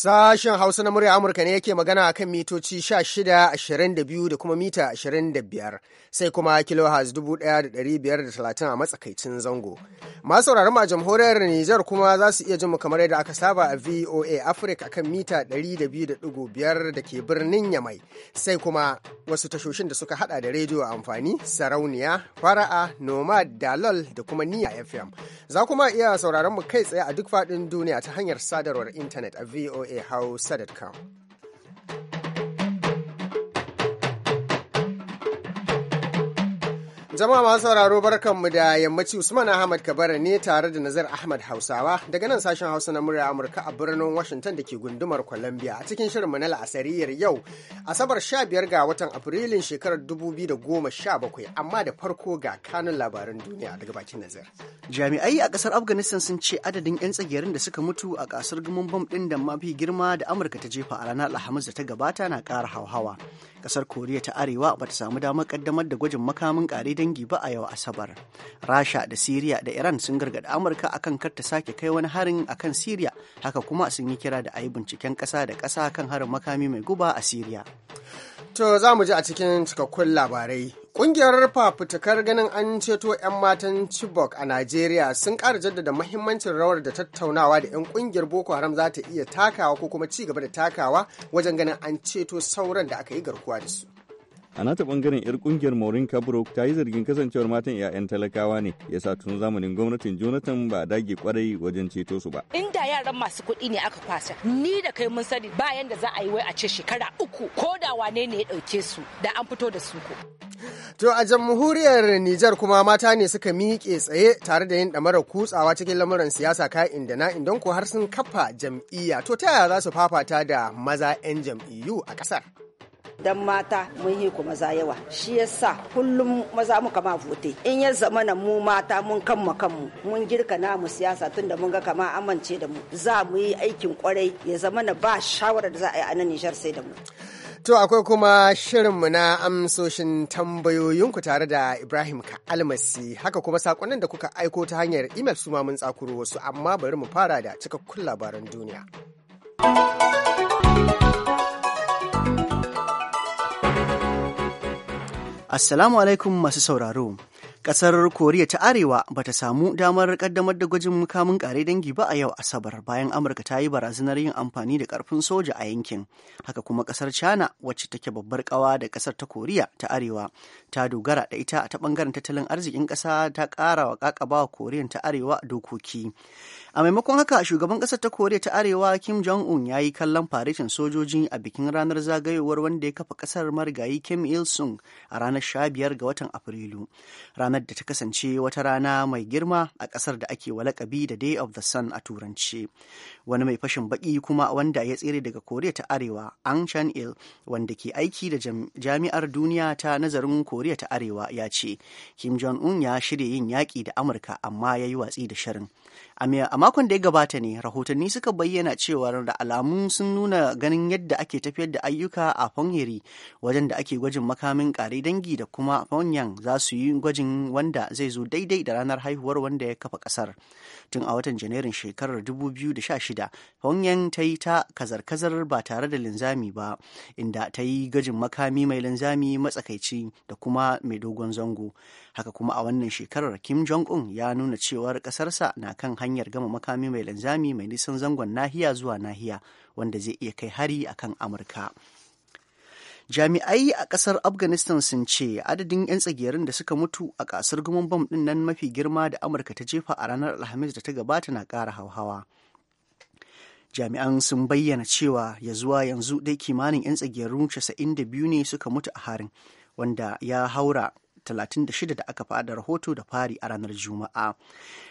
Sashen Hausa na murya Amurka ne yake magana a kan mitoci 16.22 da kuma mita 25, sai kuma kilohaz 1530 a matsakaicin zango. Masu sauraron ma jamhuriyar Nijar kuma za su iya jin mu kamar yadda aka saba a VOA Africa kan mita 200.5 da ke birnin Yamai, sai kuma wasu tashoshin da suka hada da rediyo amfani, sarauniya, fara'a, nomad, dalol da kuma niya FM. Za kuma iya sauraron mu kai tsaye a duk faɗin duniya ta hanyar sadarwar intanet a VOA voa hausa.com Jama'a masu sauraro barkanmu da yammaci Usman Ahmad Kabara ne tare da Nazar Ahmad Hausawa daga nan sashen Hausa na murya Amurka a birnin Washington da ke gundumar Columbia a cikin shirinmu na la'asariyar yau Asabar 15 ga watan Afrilun shekarar 2017 amma da farko ga kanun labaran duniya daga bakin Nazar. Jami'ai a kasar Afghanistan sun ce adadin 'yan tsagerin da suka mutu a kasar gumin bom din da mafi girma da Amurka ta jefa a ranar Alhamis da ta gabata na kara hauhawa. kasar koriya ta arewa ba ta samu damar kaddamar da gwajin makamin kare dangi ba a yau asabar rasha da siriya da iran sun gargada amurka akan kar ta sake kai wani harin akan siriya haka kuma sun yi kira da a yi binciken kasa da ƙasa kan harin makami mai guba a siriya to za mu ji a cikin cikakkun labarai Ƙungiyar fafutukar ganin an ceto 'yan matan Chibok a Najeriya sun ƙara jaddada mahimmancin rawar da tattaunawa da 'yan ƙungiyar Boko Haram za ta iya takawa ko kuma ci gaba da takawa wajen ganin an ceto sauran da aka yi garkuwa da su. a nata bangaren yar kungiyar Maureen Kabrok ta yi zargin kasancewar matan 'ya'yan talakawa ne ya sa tun zamanin gwamnatin Jonathan ba dage kwarai wajen ceto su ba. da yaran masu kuɗi ne aka kwasa ni da kai mun sani bayan da za a yi wai a ce shekara uku ko da wane ne ya ɗauke su da an fito da su ko. To a jamhuriyar Nijar kuma mata ne suka miƙe tsaye tare da yin ɗamarar kutsawa cikin lamuran siyasa ka'in da na don ko har sun kafa jam'iyya. To ta yaya za su fafata da maza 'yan jam'iyyu a kasar. dan mata mun yi ku maza yawa shi yasa kullum maza muka ma vote in ya zama na mu mata mun kamma kanmu mun girka namu siyasa tunda mun ga kama amince da mu za mu yi aikin kwarai ya zama na ba shawarar da za a yi a Nijar sai da mu To akwai kuma shirinmu na amsoshin tambayoyinku tare da Ibrahim Ka'almasi haka kuma sakonnin da kuka aiko ta hanyar imel su mun tsakuro wasu amma bari mu fara da cikakkun labaran duniya. Assalamu alaikum masu sauraro. kasar Koriya ta Arewa ba ta samu damar kaddamar da gwajin mukamin kare dangi ba a yau Asabar bayan Amurka ta yi barazanar yin amfani da karfin soja a yankin. Haka kuma kasar China wacce take babbar kawa da kasar ta Koriya ta Arewa ta dogara da ita ta bangaren tattalin arzikin kasa ta ƙara wa ƙaƙabawa Koriya ta Arewa dokoki. a maimakon haka shugaban ƙasar ta koriya ta arewa kim jong-un ya yi kallon faretin sojoji a bikin ranar zagayowar wanda ya kafa ƙasar marigayi kim il-sung a ranar 15 ga watan afrilu ranar da ta kasance wata rana mai girma a ƙasar da ake walakabi da day of the sun a turanci wani mai fashin baƙi kuma wanda ya tsere daga koriya ta arewa ang chan il wanda ke aiki da jami'ar duniya ta nazarin koriya ta arewa ya ce kim jong-un ya shirya yin yaƙi da amurka amma ya yi watsi da shirin A makon da ya gabata ne rahotanni suka bayyana cewa da alamu sun nuna ganin yadda ake tafiyar da ayyuka a Pyongyang wajen da ake gwajin makamin kare dangi da kuma Pyongyang za su yi gwajin wanda zai zo daidai da ranar haihuwar wanda ya kafa kasar. Tun a watan Janairun shekarar 2016 Pyongyang ta yi ta kazar-kazar ba tare da linzami ba inda ta yi gwajin makami mai linzami matsakaici da kuma mai dogon zango. Haka kuma a wannan shekarar Kim Jong-un ya nuna cewar ƙasarsa na kan hanyar hanyar gama makami mai linzami mai nisan zangon nahiya zuwa nahiya wanda zai iya kai hari akan amurka jami'ai a kasar afghanistan sun ce adadin 'yan tsagerin da suka mutu a kasar gumin bam din nan mafi girma da amurka ta jefa a ranar alhamis da ta gabata na kara hauhawa jami'an sun bayyana cewa ya zuwa yanzu dai kimanin 'yan tsagerin 92 ne suka mutu a harin wanda ya haura 36 da aka fada rahoto da fari a ranar Juma'a.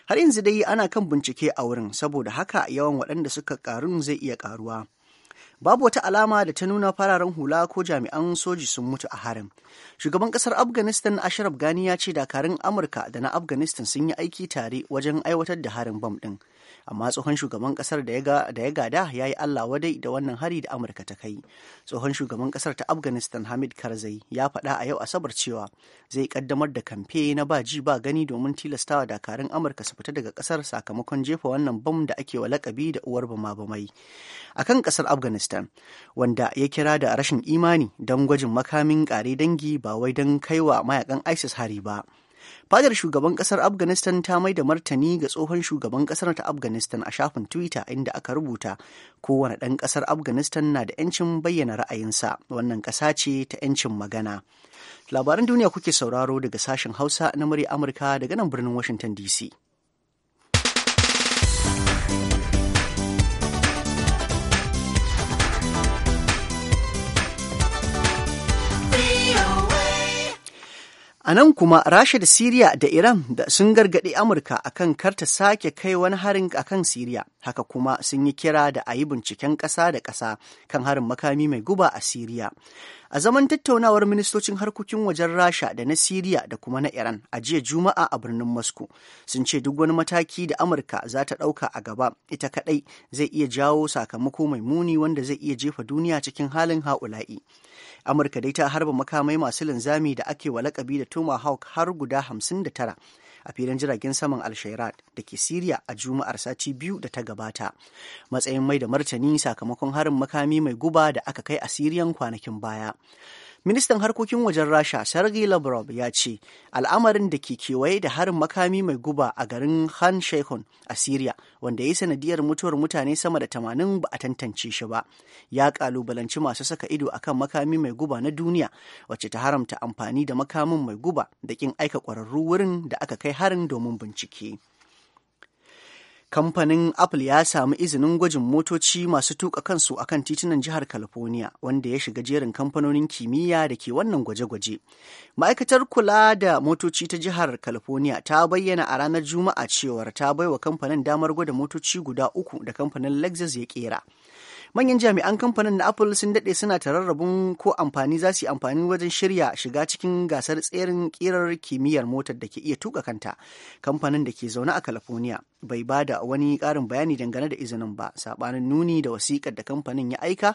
Har yanzu dai ana kan bincike a wurin saboda haka yawan waɗanda suka ƙarun zai iya ƙaruwa. babu wata alama da ta nuna fararen hula ko jami'an soji sun mutu a harin shugaban kasar afghanistan ashraf gani ya ce dakarun amurka da na afghanistan sun yi aiki tare wajen aiwatar da harin bam din amma tsohon shugaban kasar da ya gada ya yi allah wadai da wannan hari da amurka ta kai tsohon shugaban kasar ta afghanistan hamid karzai ya faɗa a yau asabar cewa zai kaddamar da kamfe na ba ji ba gani domin tilastawa dakarun amurka su fita daga kasar sakamakon jefa wannan bam da ake wa lakabi da uwar bama bamai akan kasar afghanistan Pakistan, wanda ya kira da rashin imani don gwajin makamin ƙare dangi ba wai don wa mayakan isis hari ba fadar shugaban ƙasar afghanistan ta mai da martani ga tsohon shugaban kasar ta afghanistan a shafin twitter inda aka rubuta kowane ɗan ƙasar afghanistan na da 'yancin bayyana ra'ayinsa wannan ƙasa ce ta 'yancin magana labaran duniya kuke sauraro daga sashen hausa na murya amurka daga nan birnin washington dc A nan kuma Rasha da Siriya da Iran da sun gargaɗi Amurka akan kar ta sake kai wani harin akan Siriya, haka kuma sun yi kira da a yi binciken ƙasa da ƙasa kan harin makami mai guba a Siriya. A zaman tattaunawar ministocin harkokin wajen Rasha da na Siriya da kuma na Iran a jiya Juma'a a birnin Moscow sun ce duk wani mataki da Amurka za ta ɗauka a gaba ita kaɗai zai iya jawo sakamako mai muni wanda zai iya jefa duniya cikin halin ha'ula'i. amurka dai ta harba makamai masu linzami da ake wa lakabi da tomahawk har guda 59 a filin jiragen saman alshairat da ke siriya a juma'ar sati biyu da ta gabata matsayin mai da martani sakamakon harin makami mai guba da aka kai a siriyan kwanakin baya Ministan harkokin wajen Rasha Sergei Lavrov ya ce al'amarin da ke kewaye da harin makami mai guba a garin Han Sheikhun a Siriya wanda ya yi sanadiyar mutuwar mutane sama da tamanin ba a tantance shi ba ya kalubalanci masu saka ido akan makami mai guba na duniya wacce ta haramta amfani da makamin mai guba da kin aika ƙwararru wurin da aka kai harin domin bincike. kamfanin apple ya samu izinin gwajin motoci masu tuka kansu a kan titunan jihar california wanda ya shiga jerin kamfanonin kimiyya da ke wannan gwaje-gwaje ma'aikatar kula da motoci ta jihar california ta bayyana a ranar juma'a cewar ta baiwa kamfanin damar gwada motoci guda uku da kamfanin lexus ya kera manyan jami'an kamfanin na apple sun daɗe suna tararrabin ko amfani za su yi amfani wajen shirya shiga cikin gasar tserin kirar kimiyyar motar da ke iya tuka kanta kamfanin da ke zaune a california bai ba da wani ƙarin bayani dangane da izinin ba saɓanin nuni da wasiƙar da kamfanin ya aika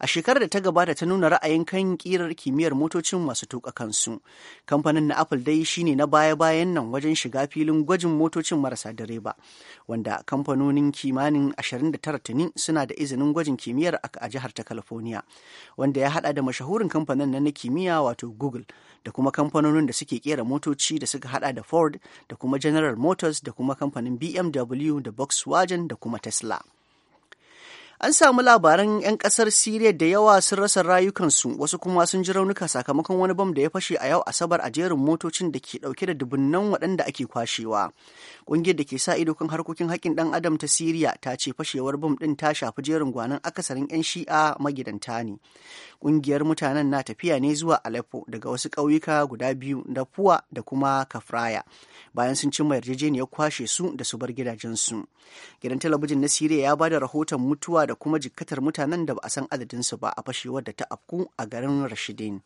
a shekarar da ta gabata ta nuna ra'ayin kan ƙirar kimiyyar motocin masu tuka kansu kamfanin na apple dai shine na baya-bayan nan wajen shiga filin gwajin motocin marasa direba wanda kamfanonin kimanin 29 tuni suna da izinin gwajin aikin kimiyyar a jihar ta california wanda ya hada da mashahurin kamfanin na kimiyya wato google da kuma kamfanonin da suke kera motoci da suka hada da ford da kuma general motors da kuma kamfanin bmw da volkswagen da kuma tesla An samu labaran 'yan ƙasar Siriya da yawa sun rasa rayukansu wasu kuma sun ji raunuka sakamakon wani bam da ya fashe a yau Asabar a jerin motocin da ke dauke da dubunnan waɗanda ake kwashewa. Ƙungiyar da ke sa ido kan harkokin haƙƙin ɗan adam ta Siriya ta ce fashewar bam ɗin ta shafi jerin gwanon akasarin 'yan shi'a magidanta ne. Ƙungiyar mutanen na tafiya ne zuwa Aleppo daga wasu ƙauyuka guda biyu da Puwa da kuma Kafraya bayan sun cimma yarjejeniyar kwashe su da su bar gidajensu. Gidan talabijin na Siriya ya ba da rahoton mutuwa da da kuma jikkatar mutanen da ba a san adadinsu ba a fashewar da ta afku a garin rashidin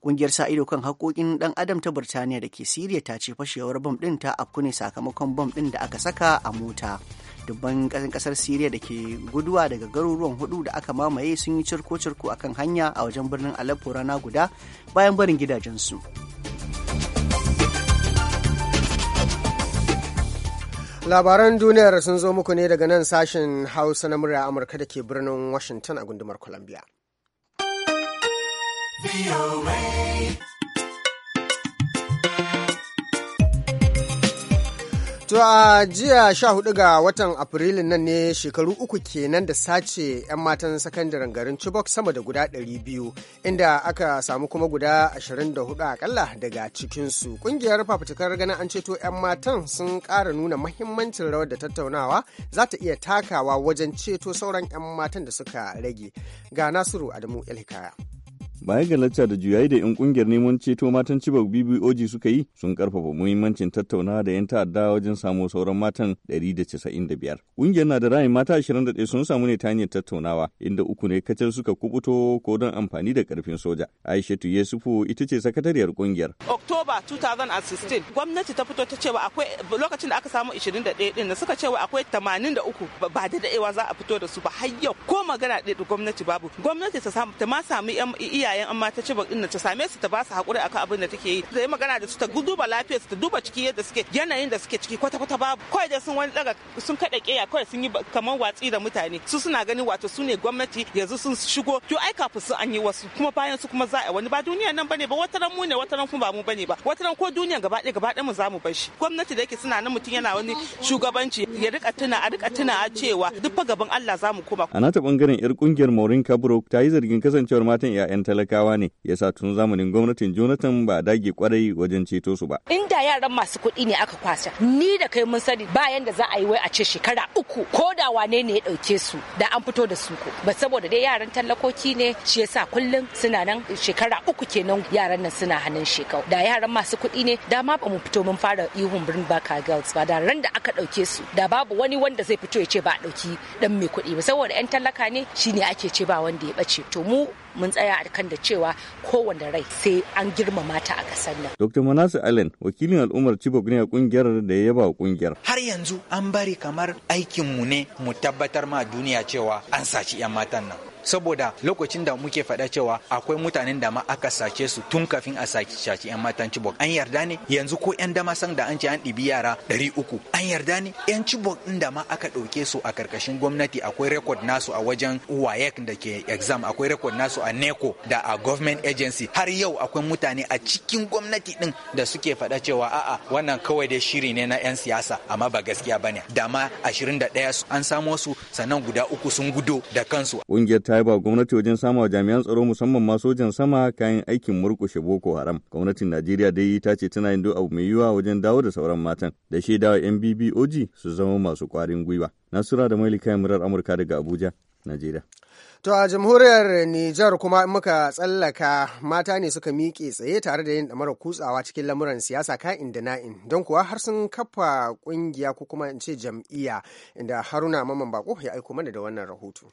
Kungiyar sa ido kan haƙoƙin ɗan adam ta Birtaniya da ke Siriya ta ce fashewar bom ɗin ta afku ne sakamakon bom ɗin da aka saka a mota. Dubban ƙasar ƙasar Siriya da ke guduwa daga garuruwan hudu da aka mamaye sun yi cirko-cirko a kan hanya a wajen birnin Aleppo rana guda bayan barin gidajensu. Labaran duniyar sun zo muku ne daga nan sashen Hausa na murya Amurka da ke birnin Washington a gundumar Columbia. To a jiya sha hudu ga watan Afrilun nan ne shekaru uku kenan da sace 'yan matan sakandaren garin Chibok sama da guda 200 inda aka samu kuma guda 24 akalla daga cikinsu. Kungiyar fafutukar ganin an ceto 'yan matan sun kara nuna mahimmancin rawar da tattaunawa za ta iya takawa wajen ceto sauran 'yan matan da suka rage. Ga Nasiru Adamu Elhikaya. bayan ga lacca da juyayi da 'yan kungiyar neman ceto matan Chibok BBOG suka yi sun karfafa muhimmancin tattaunawa da 'yan ta'adda wajen samu sauran matan 195. Kungiyar na da rayin mata 21 sun samu ne ta hanyar tattaunawa inda uku ne kacal suka kubuto ko don amfani da karfin soja. Aishatu Yusufu ita ce sakatariyar kungiyar. october 2016 gwamnati ta fito ta cewa akwai lokacin da aka samu 21 din da suka wa akwai 83 ba da daɗewa za a fito da su ba har yau ko magana ɗaya da gwamnati babu. Gwamnati ta ma samu iya iyayen amma ta ci bakin ta same su ta ba su hakuri akan abin da take yi ta yi magana da su ta duba lafiyar su ta duba ciki yadda suke yanayin da suke ciki kwata kwata babu kawai da sun wani daga sun kada kiya kawai sun yi kamar watsi da mutane su suna ganin wato su ne gwamnati yanzu sun shigo to ai kafin su an yi wasu kuma bayan su kuma za a wani ba duniya nan bane ba wata ran mu ne wata ran kuma ba mu bane ba wata ran ko duniya gaba ɗaya gaba ɗaya mu za mu bar shi gwamnati da yake suna nan mutum yana wani shugabanci ya rika tuna a rika tuna a cewa duk fa gaban Allah za mu koma a nata bangaren yar kungiyar Maureen ta yi zargin kasancewar matan iyayen talaka talakawa ne yasa tun zamanin gwamnatin Jonathan ba dage kwarai wajen ceto su ba. in da yaran masu kuɗi ne aka kwasa ni da kai mun sani bayan da za a yi wai a ce shekara uku ko da wane ne ya ɗauke su da an fito da su ko ba saboda dai yaran tallakoki ne shi yasa kullum suna nan shekara uku kenan yaran nan suna hannun shekau da yaran masu kuɗi ne da ma ba mu fito mun fara ihun birnin baka girls ba da ran da aka ɗauke su da babu wani wanda zai fito ya ce ba a ɗauki ɗan mai kuɗi ba saboda 'yan talaka ne shi shine ake ce ba wanda ya ɓace to mu mun tsaya a kan da cewa kowane rai sai an girmama ta a kasar nan. Dr. Manasu Allen wakilin al'ummar Chibok ne a kungiyar da ya yaba kungiyar. Har yanzu an bari kamar aikinmu ne mu tabbatar ma duniya cewa an saci 'yan matan nan. saboda lokacin da muke faɗa cewa akwai mutanen da ma aka sace su tun kafin a sace yan matan Chibok an yarda ne yanzu ko yan dama san da an ce an ɗibi yara ɗari uku an yarda ne yan Chibok ɗin da ma aka ɗauke su a karkashin gwamnati akwai rekod nasu a wajen WAEC da ke exam akwai rekod nasu a NECO da a government agency har yau akwai mutane a cikin gwamnati ɗin da suke faɗa cewa a'a wannan kawai dai shiri ne na 'yan siyasa amma ba gaskiya ba ne. Da ma ashirin da ɗaya an samo su sannan guda uku sun gudo da kansu. Ƙungiyar ba gwamnati wajen samawa jami'an tsaro musamman ma sojan sama kayan aikin murkushe Boko Haram. Gwamnatin Najeriya dai ta ce tana yin abu mai yiwuwa wajen dawo da sauran matan da shaidawa bbog su zama masu kwarin gwiwa. Nasura da kayan Murar Amurka daga Abuja, Najeriya. To a jamhuriyar Nijar kuma in muka tsallaka mata ne suka miƙe tsaye tare da yin ɗamarar kutsawa cikin lamuran siyasa ka'in da na'in don kuwa har sun kafa ƙungiya ko kuma in ce jam'iyya inda Haruna Maman Bako ya aiko mana da wannan rahoto.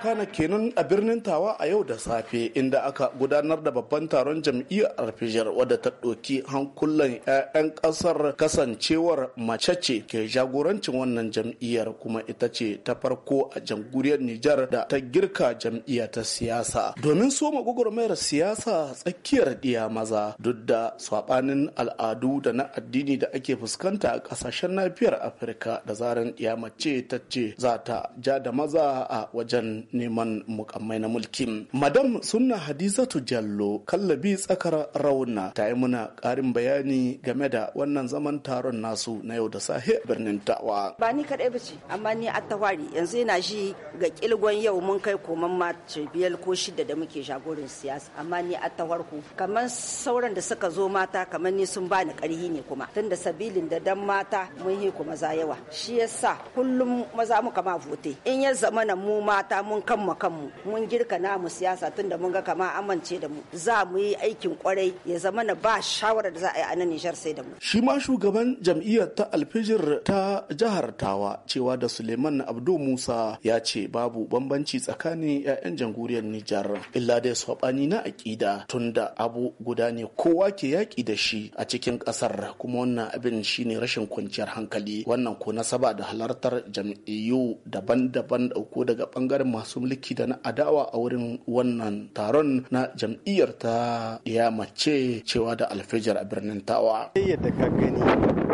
kana kenan a birnin tawa a yau da safe inda aka gudanar da babban taron jam'iyyar alfijar wadda ta ɗoki hankulan 'ya'yan ƙasar kasancewar mace ce ke jagorancin wannan jam'iyyar kuma ita ce ta farko a jamhuriyar nijar da ta girka jam'iyya ta siyasa domin soma gwagwarmayar siyasa tsakiyar ɗiya maza duk da saɓanin al'adu da na addini da ake fuskanta a ƙasashen nafiyar afirka da zaran ɗiya mace ta ce za ta ja da maza a wajen neman mukammai na mulki. Madam Sunna Hadizatu Jallo kallabi tsakar rauna ta yi muna ƙarin bayani game da wannan zaman taron nasu na yau da sahe birnin Tawa. Ba ni kaɗai ba ce, amma ni a tawari yanzu yana shi ga ƙilgon yau mun kai koman ma biyar ko shida da muke jagorin siyasa, amma ni a tawarku. Kamar sauran da suka zo mata kamar ni sun bani ƙarhi ne kuma, tunda sabilin da dan mata mun yi kuma za yawa. Shi yasa kullum maza muka ma vote. In ya zama na mu mata mun mun kanmu kanmu mun girka namu siyasa tunda mun ga kama amince da mu za mu yi aikin kwarai ya zama na ba shawarar da za a yi a nan Nijar sai da mu. Shi ma shugaban jam'iyyar ta alfijir ta jihar Tawa cewa da Suleiman Abdu Musa ya ce babu bambanci tsakanin 'ya'yan jamhuriyar Nijar illa dai sabani na aƙida tunda abu guda ne kowa ke yaƙi da shi a cikin ƙasar kuma wannan abin shine rashin kwanciyar hankali wannan ko nasaba da halartar jam'iyyu daban-daban ɗauko daga ɓangaren masu masu mulki da na adawa a wurin wannan taron na jam'iyyar ta ya mace cewa da alfejar a birnin tawa yadda ka gani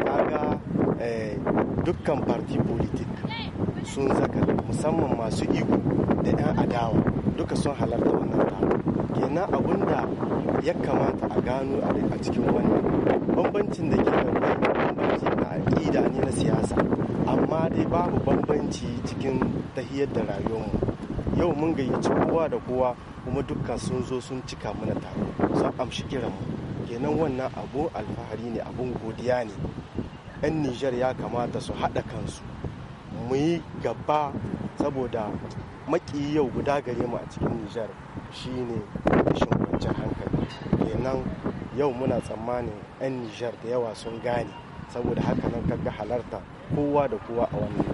kaga eh, dukkan parti politik sun zaka musamman masu iko da 'yan adawa duka sun halarta wannan taro kenan abinda ya kamata a gano a cikin wannan bambancin da ke da bambanci na aƙida ne na siyasa amma dai babu bambanci cikin tahiyar da rayuwar mu. yau mun gayyaci kowa da kowa kuma dukkan sun zo sun cika mana taro sun amshi kiranmu kenan wannan abun alfahari ne abun godiya ne 'yan nijar ya kamata su haɗa kansu mu yi gaba saboda maki yau guda gare mu a cikin nijar shine rashin kwanciyar hankali kenan yau muna tsammanin 'yan nijar da yawa sun gane saboda haka nan kaga halarta kowa da kowa a wannan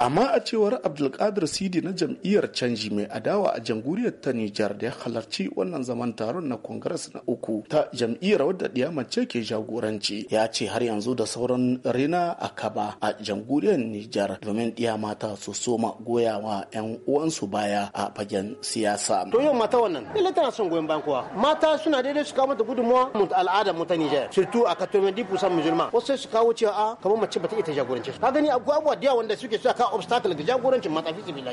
amma a cewar abdulkadir sidi na jam'iyyar canji mai adawa a jamhuriyar ta nijar da ya halarci wannan zaman taron na kongres na uku ta jam'iyyar wadda mace ke jagoranci ya ce har yanzu da sauran rina a kaba a jamhuriyar nijar domin mata su soma goyawa 'yan uwansu baya a fagen siyasa to yau mata wannan ila tana son goyon bayan kowa mata suna daidai su kawo mata gudunmawa mu al'ada mu ta nijar surtout a 90% musulma wasu su kawo cewa a ah, kamar mace ta ita jagorance ka gani abubuwa da yawa wanda suke suka ka obstacle ga jagorancin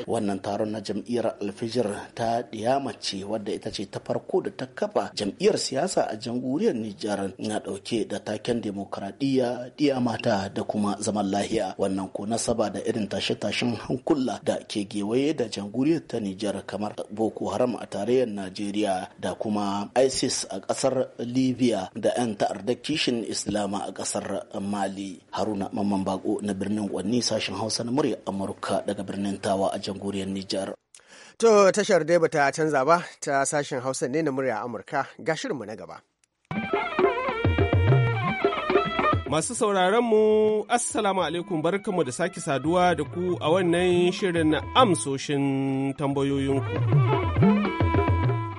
wannan taron na jam'iyyar alfijir ta diyamace wadda ita ce ta farko da ta kafa jam'iyyar siyasa a jamhuriyar Nijar na dauke da taken demokradiyya diyamata da kuma zaman lahiya wannan ko nasaba da irin tashe-tashen hankula da ke gewaye da jamhuriyar ta Nijar kamar Boko Haram a tarayyar Najeriya da kuma ISIS a kasar Libya da 'yan ta'ardar kishin Islama a kasar Mali Haruna Mamman Bako na birnin wanni sashen Hausa na murya Amurka daga birnin Tawa a jamhuriyar Nijar. To tashar dai bata canza ba ta sashen Hausa ne na murya Amurka ga shirinmu na gaba. Masu sauraron mu Assalamu alaikum barkanmu da sake saduwa da ku a wannan shirin amsoshin tambayoyinku.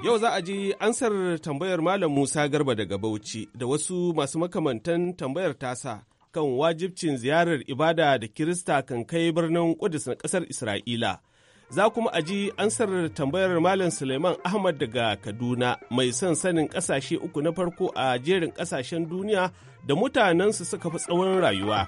Yau za a ji ansar tambayar Malam Musa Garba daga Bauchi da wasu masu makamantan tambayar tasa kan wajibcin ziyarar ibada da Kirista kan kai birnin Kudus na ƙasar Isra'ila. Za kuma a ji ansar tambayar Malam Suleiman Ahmad daga Kaduna mai son sanin ƙasashe uku na farko a jerin ƙasashen duniya da mutanensu suka fi tsawon rayuwa.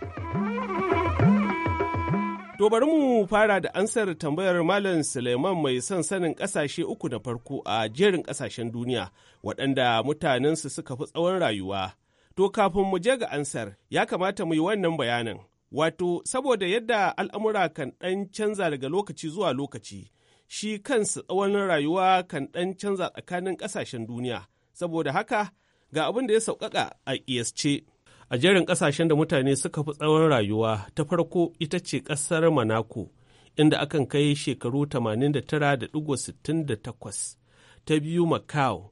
To bari mu fara da ansar tambayar Malam Suleiman mai son sanin ƙasashe uku na farko a jerin ƙasashen duniya waɗanda mutanensu suka fi tsawon rayuwa. To kafin mu je ga ansar, ya kamata mu yi wannan bayanin. Wato, saboda yadda al'amura kan ɗan canza daga lokaci zuwa lokaci, shi kansa tsawon rayuwa kan ɗan canza tsakanin ƙasashen duniya. Saboda haka, ga abin da ya sauƙaƙa a ƙiyasce. A jerin ƙasashen da mutane suka fi tsawon rayuwa ta farko ita ce ƙasar Manako, inda akan kai shekaru 89.68. Ta biyu Macau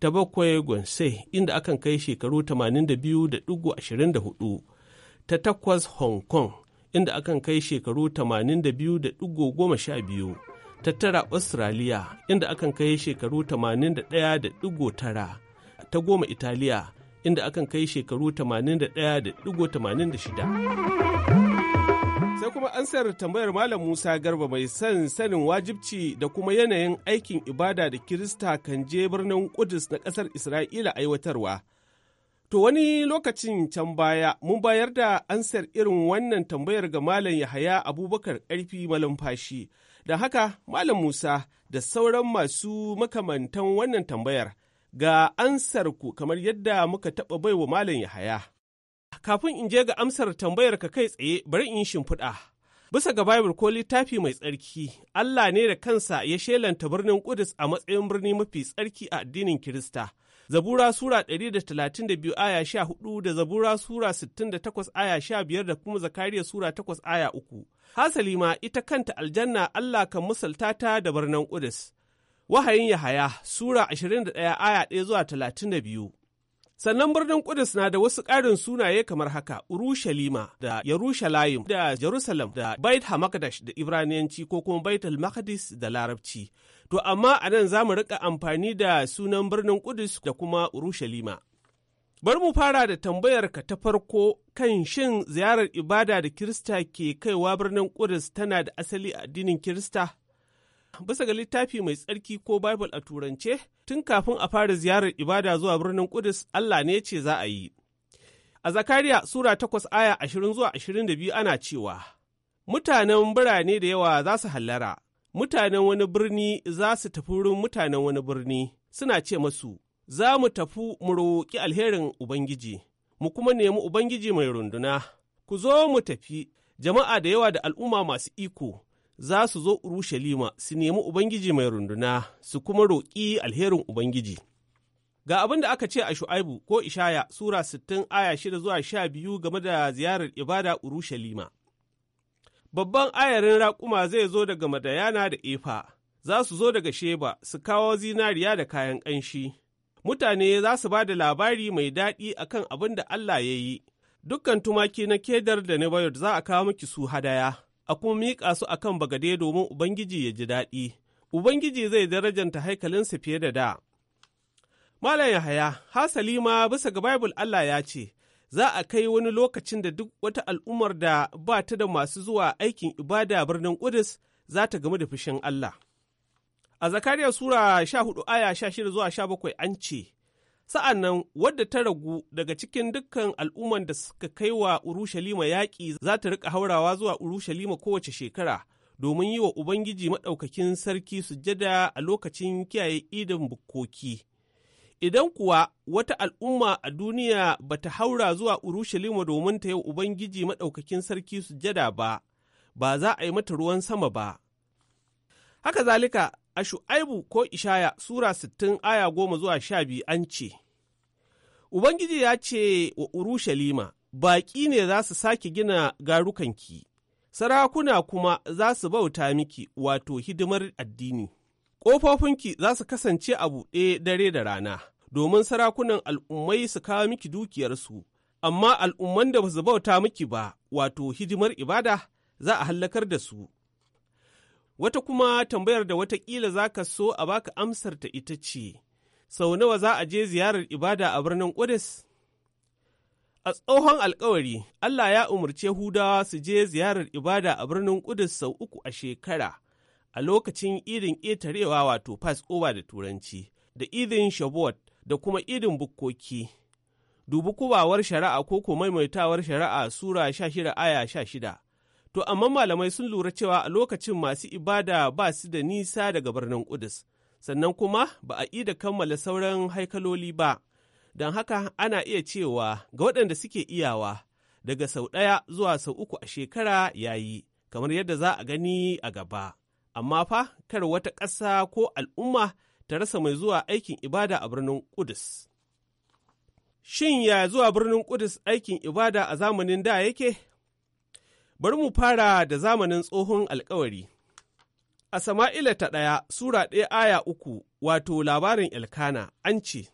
ta bakwai Gwansai inda akan kai shekaru 82.24 ta takwas Hong Kong inda akan kai shekaru 82.12 ta tara Australia inda akan kai shekaru 81.9 ta goma Italiya inda akan kai shekaru 81.86 Sai kuma ansar tambayar Malam Musa Garba mai son sanin wajibci da kuma yanayin aikin ibada da Kirista kan je birnin Kudus na ƙasar Isra'ila aiwatarwa. To wani lokacin can baya mun bayar da ansar irin wannan tambayar ga Malam Yahaya Abubakar Ƙarfi Malumfashi. Da haka Malam Musa da sauran masu makamantan wannan tambayar ga ansar ku kamar yadda muka taɓa baiwa Malam Yahaya. Kafin in je ga amsar tambayar ka kai tsaye bari in shimfiɗa. Bisa ga Bible ko littafi mai tsarki, Allah ne da kansa ya shelanta birnin Kudus a matsayin birni mafi tsarki a addinin Kirista. Zabura Sura 132 aya 14 da Zabura Sura 68 aya 15 da kuma Zakariya Sura 8 aya 3. Hasali ma ita kanta aljanna Allah kan musalta ta da birnin Kudus. Wahayin Yahaya Sura 21 aya 1 zuwa 32. Sannan birnin Kudus na da wasu ƙarin sunaye kamar haka Urushalima da Yerushalayim da Jerusalem da Bait Hamakdash da Ibraniyanci ko kuma al Maqdis da Larabci. To amma a nan za mu riƙa amfani da sunan birnin Kudus da kuma Urushalima. Bar mu fara da tambayarka ta farko kan shin ziyarar ibada da Kirista ke kaiwa birnin Kudus tana da asali a addinin Kirista? bisa ga littafi mai tsarki ko Bible a turance, tun kafin a fara ziyarar ibada zuwa birnin Kudus Allah ne ce za a yi. A Zakariya Sura takwas aya ashirin zuwa ashirin da biyu ana cewa, Mutanen birane da yawa za su hallara, mutanen wani birni za su tafi wurin mutanen wani birni, suna ce masu, Za mu tafi mu roƙi alherin Ubangiji, mu kuma nemi Ubangiji mai runduna, ku zo mu tafi, jama'a da yawa da al'umma masu iko. za su zo Urushalima su nemi Ubangiji mai runduna su kuma roƙi alherin Ubangiji. Ga abin da aka ce a Shu'aibu ko Ishaya Sura sittin aya shida zuwa sha biyu game da ziyarar ibada Urushalima. Babban ayarin raƙuma zai zo daga Madayana da Efa, za su zo daga Sheba su kawo zinariya da kayan ƙanshi. Mutane za su ba da labari mai daɗi akan abin da Allah ya yi, dukkan tumaki na kedar da Nebayot za a kawo miki su hadaya. a kuma miƙa su akan bagade domin Ubangiji ya ji daɗi. Ubangiji zai darajanta haikalinsa fiye da da. Malam Yahaya, hasali ma bisa ga Bible Allah ya ce, za a kai wani lokacin da duk wata al'ummar da ba ta da masu zuwa aikin ibada birnin Ƙudus za ta gamu da fushin Allah. A Zakariya Sura 14 aya 16 zuwa 17 an ce, sa'an nan wadda ta ragu daga cikin dukkan al'umman da suka kai wa Urushalima yaƙi za ta riƙa haurawa zuwa Urushalima kowace shekara domin yi wa Ubangiji Maɗaukakin Sarki sujada a lokacin kiyaye idon bukkoki. Idan kuwa wata al'umma a duniya ba ta haura zuwa Urushalima domin ta yi Ubangiji Maɗaukakin Sarki sujada ba, ba za a yi mata ruwan sama ba. Haka zalika A Shu'aibu ko Ishaya Sura sittin aya goma zuwa sha biyu an ce, Ubangiji ya ce wa Urushalima, baƙi ne za su sake gina garukanki, sarakuna kuma za su bauta miki wato hidimar addini. Ƙofofinki za su kasance a buɗe dare da rana, domin sarakunan al'ummai su kawo miki dukiyarsu, amma al'umman da ba su bauta miki ba, wato hidimar ibada, za a hallakar da su. Wata kuma tambayar da watakila za ka so a baka amsar ta ita ce, sau nawa za a je ziyarar ibada a birnin Ƙudus? A tsohon alkawari, Allah ya umarci hudawa su je ziyarar ibada a birnin Ƙudus sau uku a shekara, a lokacin idin ƙetarewa wato Passover da Turanci, da idin Shavuot da kuma idin bukkoki. Dubi kubawar shari'a ko ko maimaitawar shari'a Sura 16 aya 16. To amma malamai sun lura cewa a lokacin masu ibada ba su da nisa daga birnin Kudus sannan kuma ba a ida kammala sauran haikaloli ba, don haka ana iya cewa ga waɗanda suke iyawa daga sau ɗaya zuwa sau uku a shekara ya yi, kamar yadda za a gani a gaba. Amma fa kar wata ƙasa ko al'umma ta rasa mai zuwa aikin ibada a birnin Kudus. Shin ya zuwa birnin Kudus aikin ibada a zamanin da yake Bari mu fara da zamanin tsohon alkawari. A Sama'ila ta ɗaya, Sura ɗaya aya uku, wato labarin Elkana, an ce,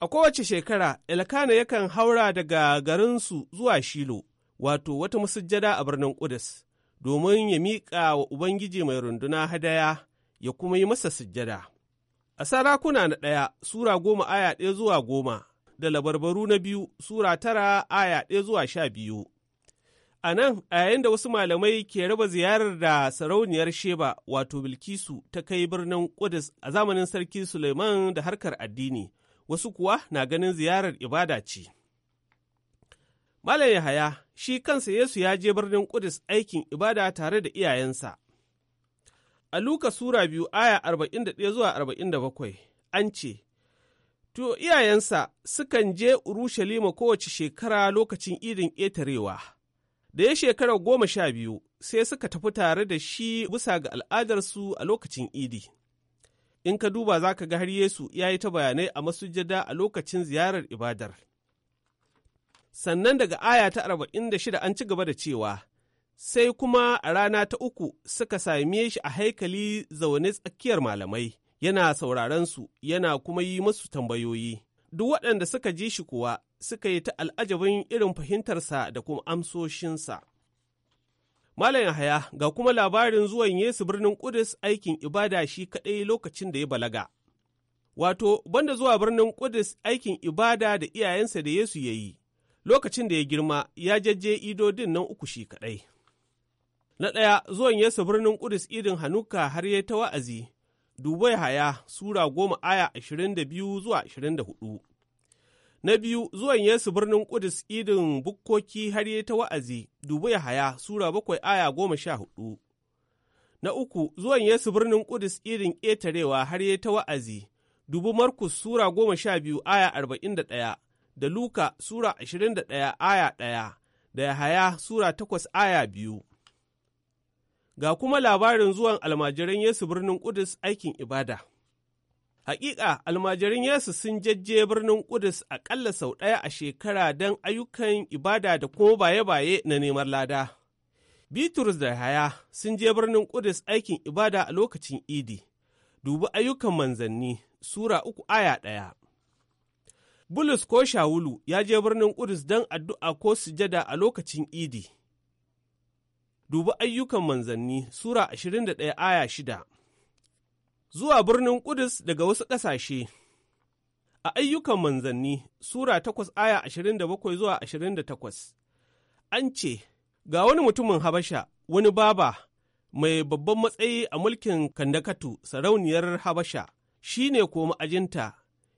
A kowace shekara, Elkana yakan haura daga garinsu zuwa Shilo, wato wata masujjada a birnin Ƙudus, domin ya miƙa wa Ubangiji mai runduna hadaya ya kuma yi masa sujjada. A sarakuna na ɗaya, Sura goma aya ɗaya zuwa goma, da labarbaru na biyu, Sura tara aya ɗaya zuwa sha biyu. A nan, a yayin da wasu malamai ke raba ziyarar da sarauniyar Sheba wato Bilkisu ta kai birnin Kudus a zamanin Sarki Suleiman da harkar addini, wasu kuwa na ganin ziyarar ibada ce. Malam Yahaya shi kansa Yesu ya je birnin Kudus aikin ibada tare da iyayensa. A Luka Sura biyu aya 41 zuwa 47 an ce, To iyayensa sukan je Urushalima kowace shekara lokacin idin ƙetarewa. Da ya shekara goma sha biyu sai suka tafi tare da shi bisa ga al'adarsu a lokacin idi. In ka duba za ka ga har Yesu ya yi ta bayanai a masujada a lokacin ziyarar ibadar. Sannan daga aya ta arba'in da shida an ci gaba da cewa, sai kuma a rana ta uku suka same shi a haikali zaune tsakiyar malamai, yana sauraron su yana kuma yi musu tambayoyi. Duk waɗanda suka ji shi kuwa suka yi ta al'ajabin irin fahimtarsa da kuma amsoshinsa. Malam Yahaya ga kuma labarin zuwan Yesu birnin Kudus aikin ibada shi kaɗai lokacin da ya balaga. Wato, banda zuwa birnin Kudus aikin ibada da iyayensa da Yesu ya yi, lokacin da ya girma ya ido din nan uku shi kaɗai. Na ɗaya zuwan Yesu birnin Kudus idin Hanuka har ya ta wa'azi, dubai haya Sura goma aya ashirin da biyu zuwa ashirin da hudu. Na biyu zuwan Yesu birnin Kudus idin bukkoki har yi ta wa'azi, dubu ya haya Sura bakwai aya goma sha hudu. Na uku zuwan Yesu birnin Kudus idin ƙetarewa har yi ta wa'azi, dubu Markus Sura goma sha biyu aya arba'in da ɗaya, da Luka Sura ashirin da ɗaya aya ɗaya, da Yahaya Sura takwas aya biyu. Ga kuma labarin zuwan almajiran Yesu birnin Kudus aikin ibada. Hakika almajirin Yesu sun jajje birnin Kudus aƙalla sau ɗaya a shekara don ayyukan ibada da kuma baye-baye na neman lada. Bitrus da Haya sun je birnin Kudus aikin ibada a lokacin Idi. Dubi ayyukan manzanni, Sura uku aya ɗaya. Bulus ko Shawulu ya je birnin Kudus don addu'a ko sujada a lokacin Idi. Dubi ayyukan manzanni, Sura ɗaya aya shida. zuwa birnin Kudus daga wasu ƙasashe. A ayyukan manzanni, Sura takwas aya ashirin zuwa ashirin da an ce, Ga wani mutumin Habasha, wani baba, mai babban matsayi a mulkin Kandakatu, sarauniyar Habasha, shi ne ko ma'ajinta,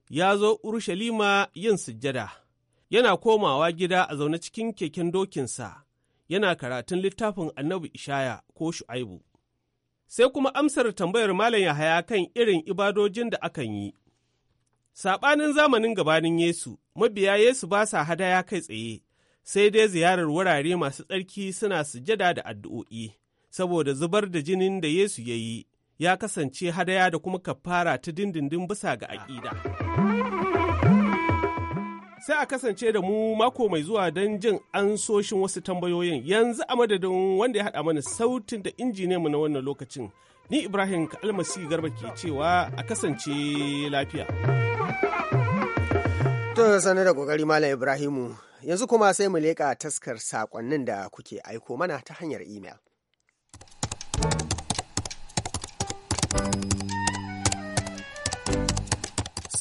ya zo Urushalima yin sujjada, yana komawa gida a zaune cikin keken dokinsa, yana karatun littafin annabi Ishaya ko Shu'aibu. sai kuma amsar tambayar Malam Yahaya kan irin ibadojin da akan yi. Saɓanin zamanin gabanin Yesu, mabiya Yesu ba sa hadaya kai tsaye, sai dai ziyarar wurare masu tsarki suna sujada da addu'o'i, saboda zubar da jinin da Yesu ya yi, ya kasance hadaya da kuma kafara ta dindindin bisa ga aƙida. sai a kasance da mu mako mai zuwa don jin ansoshin wasu tambayoyin yanzu a madadin wanda ya haɗa mana sautin da mu na wannan lokacin ni ibrahim almasi garba ke cewa a kasance lafiya to sani da kokari malam ibrahimu yanzu kuma sai mu leƙa taskar saƙonnin da kuke aiko mana ta hanyar imel.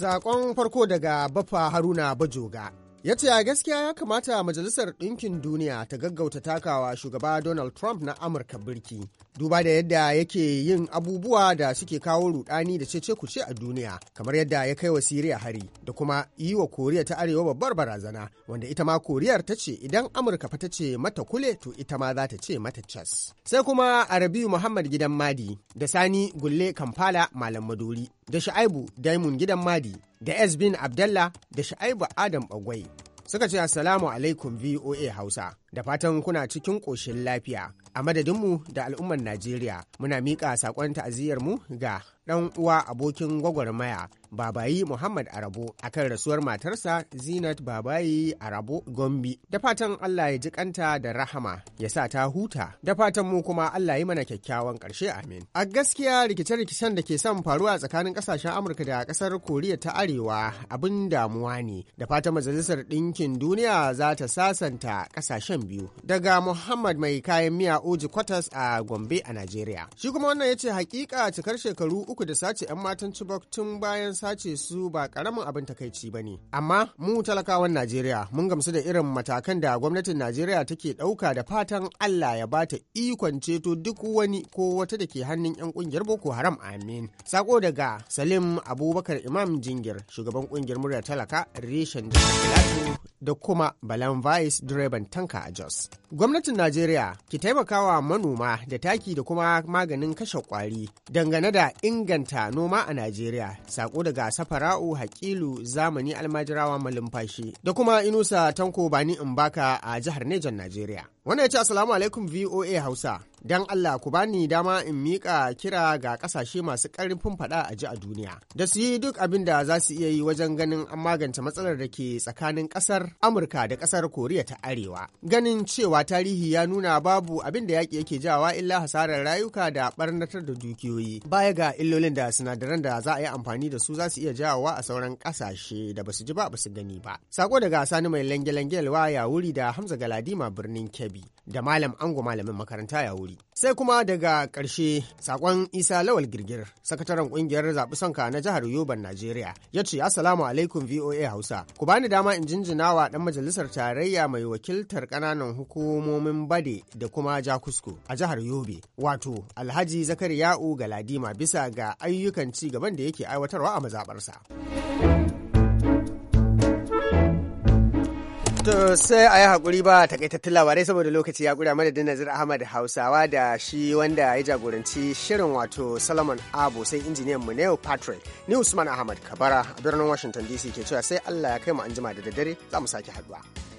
Sakon farko daga Bafa Haruna Bajoga. Ya ce a gaskiya ya kamata Majalisar Ɗinkin Duniya ta gaggauta takawa shugaba Donald Trump na Amurka birki, duba da yadda yake yin abubuwa da suke kawo rudani da cece kuce a duniya, kamar yadda ya kai wa Siriya hari da kuma yi wa Koriya ta Arewa babbar barazana, wanda ita ma Koriyar ta ce idan Amurka fa ta ce mata kule to ita ma za ta ce mata cas. Sai kuma Arabiyu Muhammad Gidan Madi da Sani Gulle Kampala Malam Maduri da Sha'aibu Daimun Gidan Madi da Esbin Abdallah da Sha'aibu Adam Bagwai suka ce Assalamu alaikum VOA Hausa. da fatan kuna cikin ƙoshin lafiya a madadinmu da al'ummar najeriya muna miƙa saƙon mu ga ɗan uwa abokin gwagwarmaya babayi muhammad arabo akan rasuwar matarsa zinat babayi arabo gombi da fatan allah ya ji kanta da rahama ya sa ta huta da fatan mu kuma allah yi mana kyakkyawan ƙarshe amin a gaskiya rikice-rikicen da ke son faruwa tsakanin ƙasashen amurka da ƙasar koriya ta arewa abin damuwa ne da fatan majalisar ɗinkin duniya za ta sasanta ƙasashen biyu daga Muhammad mai kayan miya Oji Kwatas a Gombe a Najeriya. Shi kuma wannan ya ce hakika cikar shekaru uku da sace 'yan matan Chibok tun bayan sace su ba karamin abin takaici ba ne. Amma mu talakawan Najeriya mun gamsu da irin matakan da gwamnatin Najeriya take ɗauka da fatan Allah ya ba ta ikon ceto duk wani ko wata da ke hannun 'yan kungiyar Boko Haram amin. Sako daga Salim Abubakar Imam Jingir shugaban kungiyar murya talaka reshen da kuma Balan Vice direban tanka a Jos. Gwamnatin Najeriya ki taimakawa manoma da taki da kuma maganin kashe kwari dangane da inganta noma a Najeriya. Sako daga Safara'u Hakilu zamani almajirawa malumfashi da kuma Inusa Tanko Bani Mbaka a jihar Nejan Najeriya. Wannan ya ce Assalamu alaikum VOA Hausa, don Allah ku bani dama in miƙa kira ga ƙasashe masu ƙarfin faɗa a ji a duniya, da su yi duk abin da za su iya yi wajen ganin an magance matsalar da ke tsakanin ƙasar Amurka da ƙasar Koriya ta Arewa. Ganin cewa tarihi ya nuna babu abin da yaƙi yake jawa illa hasarar rayuka da ɓarnatar da dukiyoyi, baya ga illolin da sinadaran da za a yi amfani da su za su iya jawowa a sauran ƙasashe da basu ji ba basu gani ba. Sako daga Sani mai lange-lange ya wuri da Hamza Galadima birnin Kebbi. da Malam Ango Malamin makaranta ya wuri. Sai kuma daga ƙarshe saƙon Isa Lawal Girgir, sakataren ƙungiyar zaɓi sanka na jihar Yoban Najeriya, ya ce Assalamu alaikum VOA Hausa. Ku bani dama in jinjinawa wa ɗan majalisar tarayya mai wakiltar ƙananan hukumomin Bade da kuma Jakusko a jihar Yobe, wato Alhaji Zakariya'u Galadima bisa ga ayyukan ci gaban da yake aiwatarwa a mazaɓarsa. To sai a yi haƙuri ba takaitattun labarai saboda lokaci ya ƙura madadin Nazir Ahmad Hausawa da shi wanda ya jagoranci shirin wato Solomon Abu sai injiniyan mu Neo Patrick ni Usman Ahmad Kabara a birnin Washington DC ke cewa sai Allah ya kai mu anjima da daddare za mu sake haɗuwa.